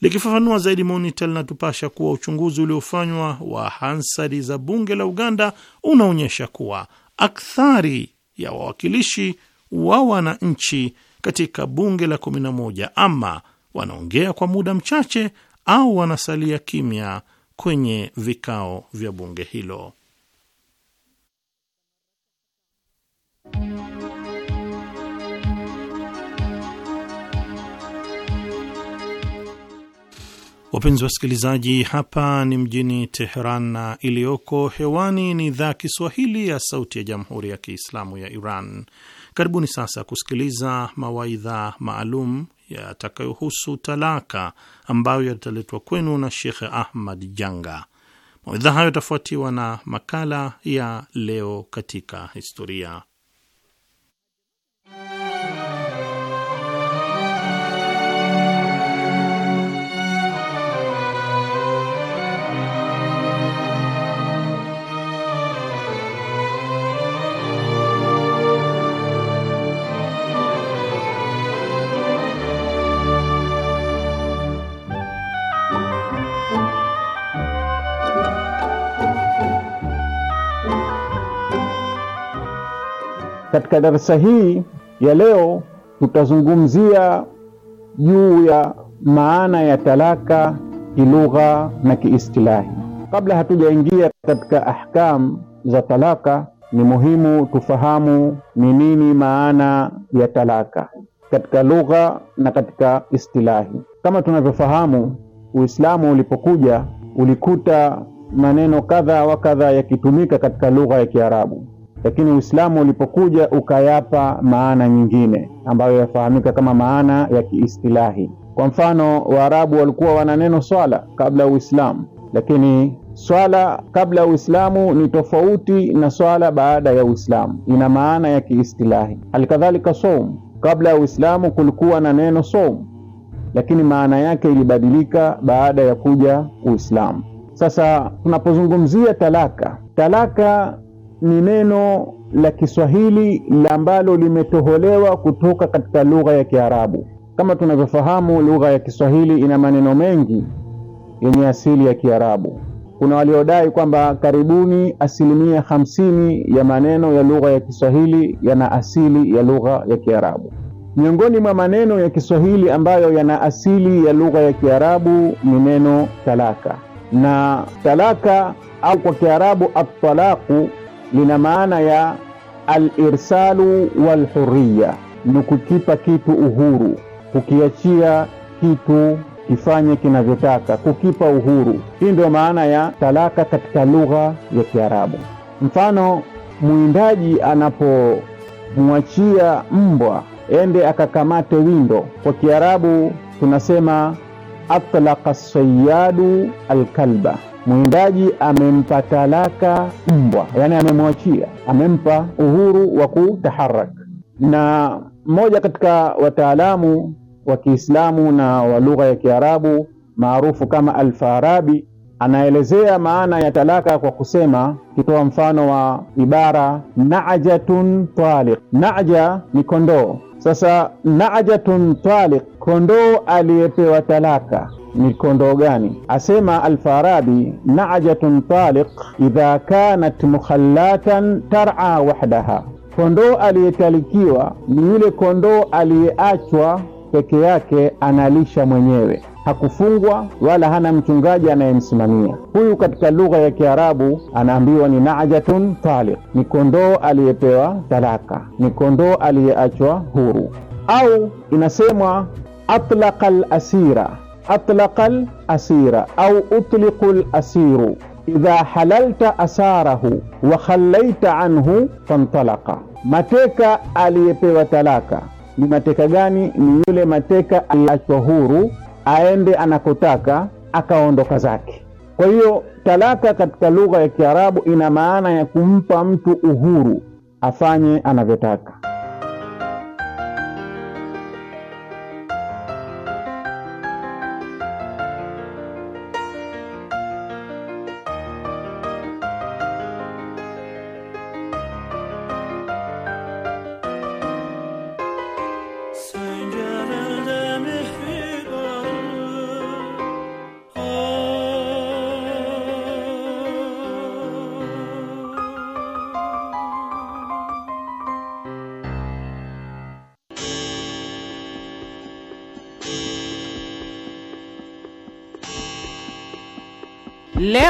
Likifafanua zaidi, Monitel natupasha kuwa uchunguzi uliofanywa wa hansari za bunge la Uganda unaonyesha kuwa akthari ya wawakilishi wa wananchi katika bunge la 11 ama wanaongea kwa muda mchache au wanasalia kimya kwenye vikao vya bunge hilo. Wapenzi wasikilizaji, hapa ni mjini Teheran na iliyoko hewani ni idhaa Kiswahili ya Sauti ya Jamhuri ya Kiislamu ya Iran. Karibuni sasa kusikiliza mawaidha maalum yatakayohusu talaka ambayo yataletwa kwenu na Shekhe Ahmad Janga. Mawaidha hayo yatafuatiwa na makala ya leo katika historia. Katika darasa hii ya leo tutazungumzia juu ya maana ya talaka kilugha na kiistilahi. Kabla hatujaingia katika ahkam za talaka, ni muhimu tufahamu ni nini maana ya talaka katika lugha na katika istilahi. Kama tunavyofahamu, Uislamu ulipokuja ulikuta maneno kadha wa kadha yakitumika katika lugha ya Kiarabu lakini Uislamu ulipokuja ukayapa maana nyingine ambayo yafahamika kama maana ya kiistilahi. Kwa mfano, Waarabu walikuwa wana neno swala kabla ya Uislamu, lakini swala kabla ya Uislamu ni tofauti na swala baada ya Uislamu, ina maana ya kiistilahi. Halikadhalika soum, kabla ya Uislamu kulikuwa na neno soum, lakini maana yake ilibadilika baada ya kuja Uislamu. Sasa tunapozungumzia talaka, talaka ni neno la Kiswahili ambalo limetoholewa kutoka katika lugha ya Kiarabu. Kama tunavyofahamu, lugha ya Kiswahili ina maneno mengi yenye asili ya Kiarabu. Kuna waliodai kwamba karibuni asilimia hamsini ya maneno ya lugha ya Kiswahili yana asili ya lugha ya Kiarabu. Miongoni mwa maneno ya Kiswahili ambayo yana asili ya lugha ya Kiarabu ni neno talaka, na talaka au kwa Kiarabu at lina maana ya alirsalu walhuriya, ni kukipa kitu uhuru, kukiachia kitu kifanye kinavyotaka, kukipa uhuru. Hii ndio maana ya talaka katika lugha ya Kiarabu. Mfano, mwindaji anapomwachia mbwa ende akakamate windo, kwa Kiarabu tunasema atlaka sayadu alkalba mwindaji amempa talaka mbwa, yani amemwachia, amempa uhuru wa kutaharak. Na mmoja katika wataalamu wa Kiislamu na wa lugha ya Kiarabu maarufu kama Alfarabi anaelezea maana ya talaka kwa kusema, kitoa mfano wa ibara najatun taliq. Naja ni kondoo. Sasa najatun taliq, kondoo aliyepewa talaka ni kondoo gani? Asema Alfarabi, najatun taliq idha kanat mukhallatan tar'a wahdaha, kondoo aliyetalikiwa ni yule kondoo aliyeachwa peke yake, analisha mwenyewe hakufungwa wala hana mchungaji anayemsimamia. Huyu katika lugha ya Kiarabu anaambiwa ni najatun taliq, ni kondoo aliyepewa talaka, ni kondoo aliyeachwa huru. Au inasemwa atlaqa al asira atlaqa lasira au utliqu lasiru idha halalta asarahu wa khallaita anhu fantalaqa, mateka aliyepewa talaka ni mateka gani? Ni yule mateka aliachwa huru aende anakotaka akaondoka zake. Kwa hiyo talaka katika lugha ya Kiarabu ina maana ya kumpa mtu uhuru afanye anavyotaka.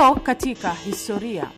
Leo katika historia.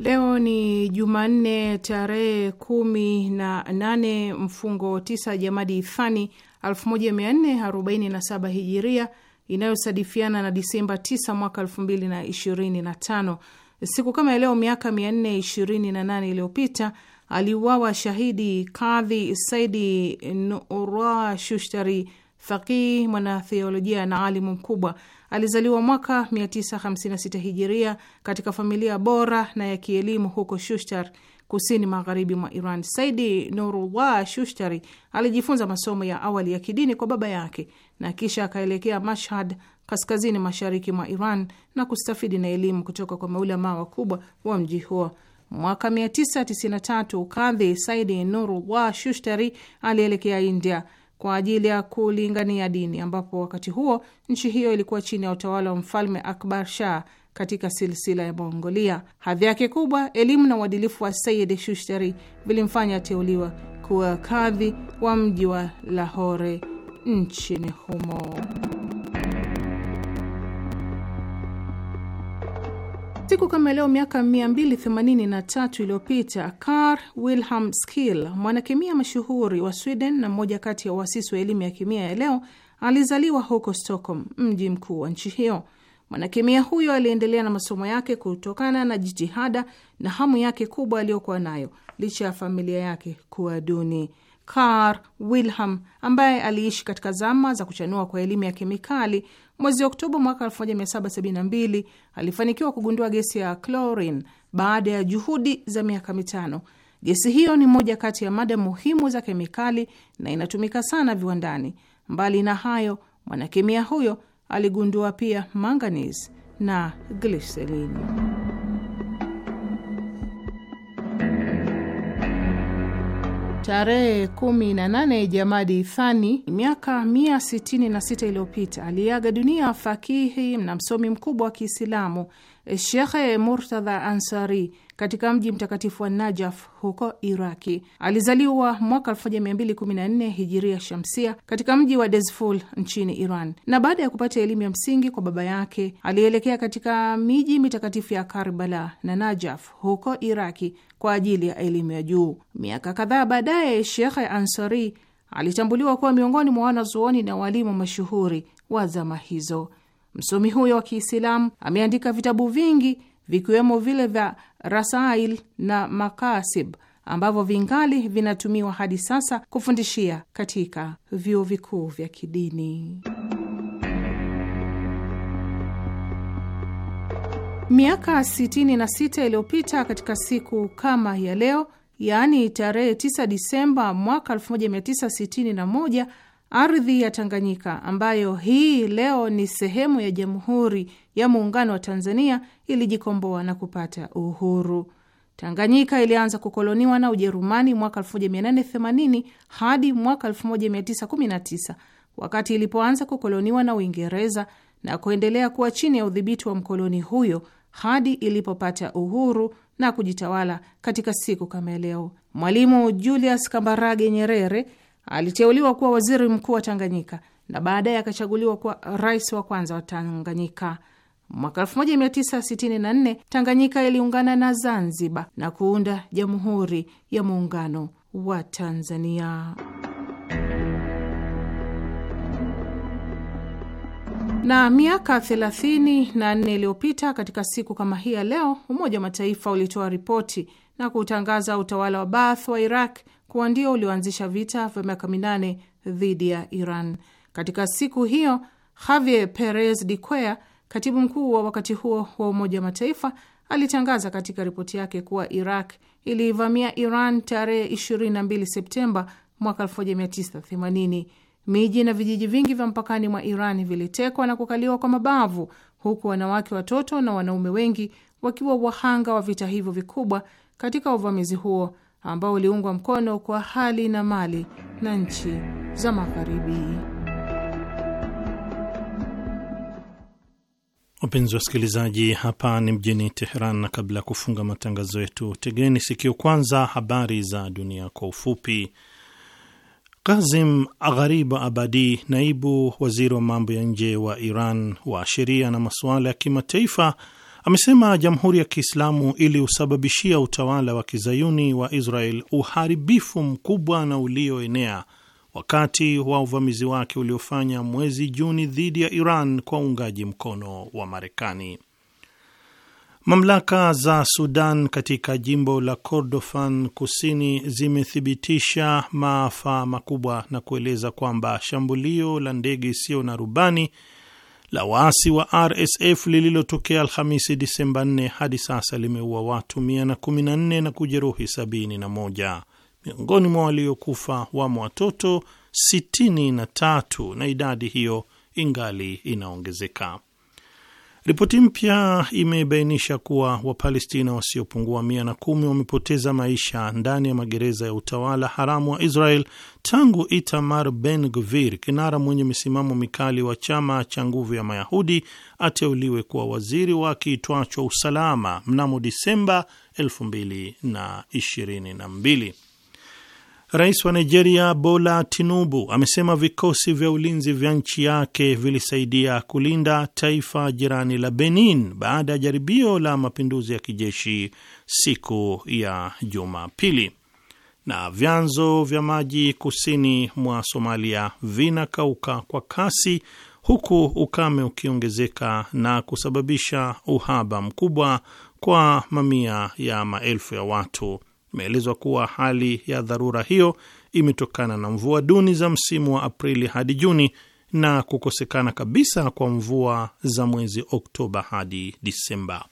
Leo ni Jumanne tarehe kumi na nane mfungo tisa Jamadi Ithani 1447 Hijiria inayosadifiana na Disemba 9 mwaka 2025. Siku kama leo miaka 428 iliyopita aliuawa shahidi Kadhi Saidi Nura Shushtari faqihi, mwanatheolojia na alimu mkubwa. Alizaliwa mwaka 956 hijiria katika familia bora na ya kielimu huko Shushtar, kusini magharibi mwa Iran. Saidi Nurullah Shushtari alijifunza masomo ya awali ya kidini kwa baba yake na kisha akaelekea Mashhad, kaskazini mashariki mwa Iran na kustafidi na elimu kutoka kwa maulamaa wakubwa wa mji huo. Mwaka 993 kadhi Saidi Nurullah Shushtari alielekea India kwa ajili ya kulingania dini, ambapo wakati huo nchi hiyo ilikuwa chini ya utawala wa mfalme Akbar Shah katika silsila ya Mongolia. Hadhi yake kubwa, elimu na uadilifu wa Sayid Shushtari vilimfanya ateuliwa kuwa kadhi wa mji wa Lahore nchini humo. Siku kama leo miaka 283 iliyopita Carl Wilhelm Skill, mwanakemia mashuhuri wa Sweden na mmoja kati ya waasisi wa elimu ya kemia ya leo, alizaliwa huko Stockholm, mji mkuu wa nchi hiyo. Mwanakemia huyo aliendelea na masomo yake kutokana na jitihada na hamu yake kubwa aliyokuwa nayo licha ya familia yake kuwa duni. Carl Wilhelm ambaye aliishi katika zama za kuchanua kwa elimu ya kemikali Mwezi Oktoba mwaka 1772 alifanikiwa kugundua gesi ya chlorine baada ya juhudi za miaka mitano. Gesi hiyo ni moja kati ya mada muhimu za kemikali na inatumika sana viwandani. Mbali na hayo, mwanakemia huyo aligundua pia manganese na gliserin. Tarehe 18 Jamadi Thani, miaka 166 iliyopita aliaga dunia fakihi na msomi mkubwa wa Kiislamu Shekhe Murtadha Ansari katika mji mtakatifu wa Najaf huko Iraki. Alizaliwa mwaka 1214 hijiria shamsia katika mji wa Dezful nchini Iran, na baada ya kupata elimu ya msingi kwa baba yake alielekea katika miji mitakatifu ya Karbala na Najaf huko Iraki kwa ajili ya elimu ya juu. Miaka kadhaa baadaye, Shekhe Ansari alitambuliwa kuwa miongoni mwa wanazuoni na walimu mashuhuri wa zama hizo. Msomi huyo wa Kiislamu ameandika vitabu vingi vikiwemo vile vya Rasail na Makasib ambavyo vingali vinatumiwa hadi sasa kufundishia katika vyuo vikuu vya kidini. Miaka 66 iliyopita katika siku kama ya leo, yaani tarehe 9 Disemba mwaka 1961 Ardhi ya Tanganyika ambayo hii leo ni sehemu ya Jamhuri ya Muungano wa Tanzania ilijikomboa na kupata uhuru. Tanganyika ilianza kukoloniwa na Ujerumani mwaka 1880 hadi mwaka 1919 wakati ilipoanza kukoloniwa na Uingereza na kuendelea kuwa chini ya udhibiti wa mkoloni huyo hadi ilipopata uhuru na kujitawala katika siku kama leo. Mwalimu Julius Kambarage Nyerere Aliteuliwa kuwa waziri mkuu wa Tanganyika na baadaye akachaguliwa kuwa rais wa kwanza wa Tanganyika. Mwaka 1964 Tanganyika iliungana na Zanzibar na kuunda Jamhuri ya Muungano wa Tanzania. Na miaka 34 iliyopita katika siku kama hii ya leo, Umoja wa Mataifa ulitoa ripoti na kutangaza utawala wa Baath wa Iraq kuwa ndio ulioanzisha vita vya miaka minane dhidi ya Iran. Katika siku hiyo, Javier Perez de Cuellar, katibu mkuu wa wakati huo wa Umoja wa Mataifa, alitangaza katika ripoti yake kuwa Iraq iliivamia Iran tarehe 22 Septemba mwaka 1980. Miji na vijiji vingi vya mpakani mwa Iran vilitekwa na kukaliwa kwa mabavu, huku wanawake, watoto na wanaume wengi wakiwa wahanga wa vita hivyo vikubwa katika uvamizi huo ambao uliungwa mkono kwa hali na mali na nchi za Magharibi. Wapenzi wasikilizaji, hapa ni mjini Teheran, na kabla ya kufunga matangazo yetu, tegeni sikio kwanza habari za dunia kwa ufupi. Kazim Gharib Abadi, naibu waziri wa mambo ya nje wa Iran wa sheria na masuala ya kimataifa, amesema Jamhuri ya Kiislamu iliusababishia utawala wa kizayuni wa Israel uharibifu mkubwa na ulioenea wakati wa uvamizi wake uliofanya mwezi Juni dhidi ya Iran kwa uungaji mkono wa Marekani. Mamlaka za Sudan katika jimbo la Kordofan kusini zimethibitisha maafa makubwa na kueleza kwamba shambulio la ndege isiyo na rubani la waasi wa RSF lililotokea Alhamisi Disemba 4 hadi sasa limeua watu 114 na kujeruhi 71. Miongoni mwa waliokufa wamo watoto 63 na idadi hiyo ingali inaongezeka. Ripoti mpya imebainisha kuwa Wapalestina wasiopungua mia na kumi wamepoteza maisha ndani ya magereza ya utawala haramu wa Israel tangu Itamar Ben Gvir, kinara mwenye misimamo mikali wa chama cha nguvu ya Mayahudi, ateuliwe kuwa waziri wa kiitwacho usalama mnamo Disemba 222 Rais wa Nigeria Bola Tinubu amesema vikosi vya ulinzi vya nchi yake vilisaidia kulinda taifa jirani la Benin baada ya jaribio la mapinduzi ya kijeshi siku ya Jumapili. Na vyanzo vya maji kusini mwa Somalia vinakauka kwa kasi huku ukame ukiongezeka na kusababisha uhaba mkubwa kwa mamia ya maelfu ya watu. Imeelezwa kuwa hali ya dharura hiyo imetokana na mvua duni za msimu wa Aprili hadi Juni na kukosekana kabisa kwa mvua za mwezi Oktoba hadi Disemba.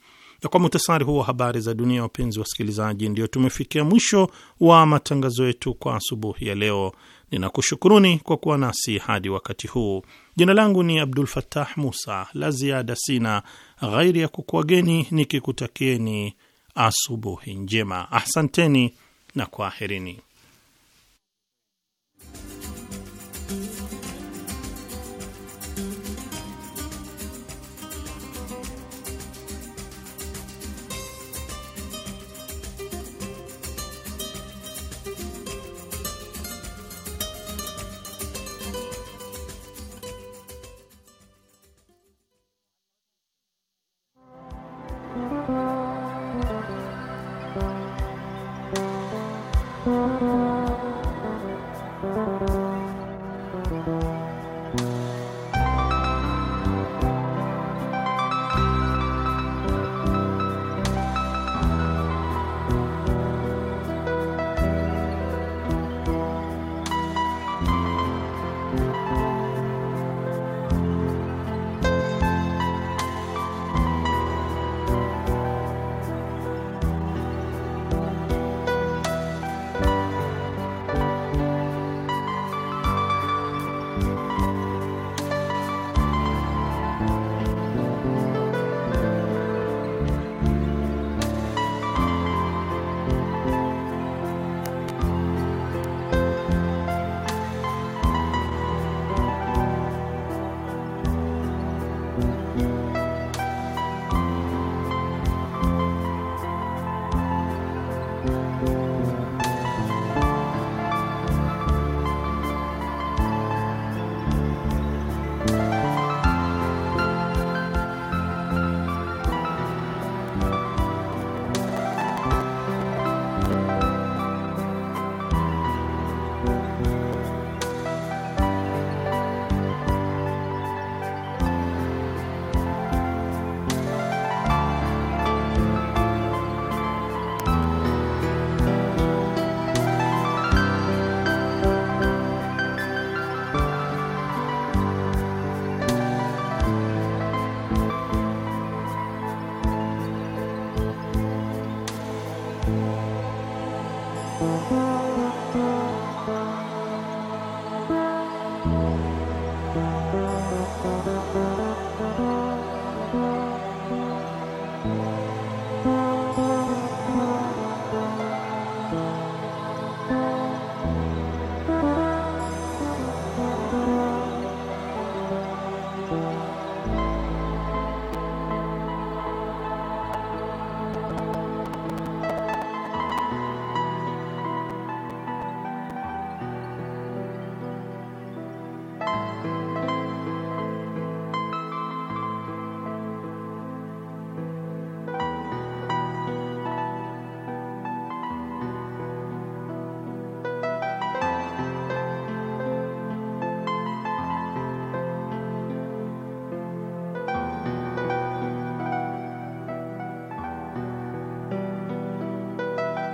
Na kwa muhtasari huo habari za dunia, wapenzi wasikilizaji, ndio tumefikia mwisho wa matangazo yetu kwa asubuhi ya leo. Ninakushukuruni kwa kuwa nasi hadi wakati huu. Jina langu ni Abdul fatah Musa. La ziada sina ghairi ya kukuageni nikikutakieni asubuhi njema. Asanteni na kwaherini.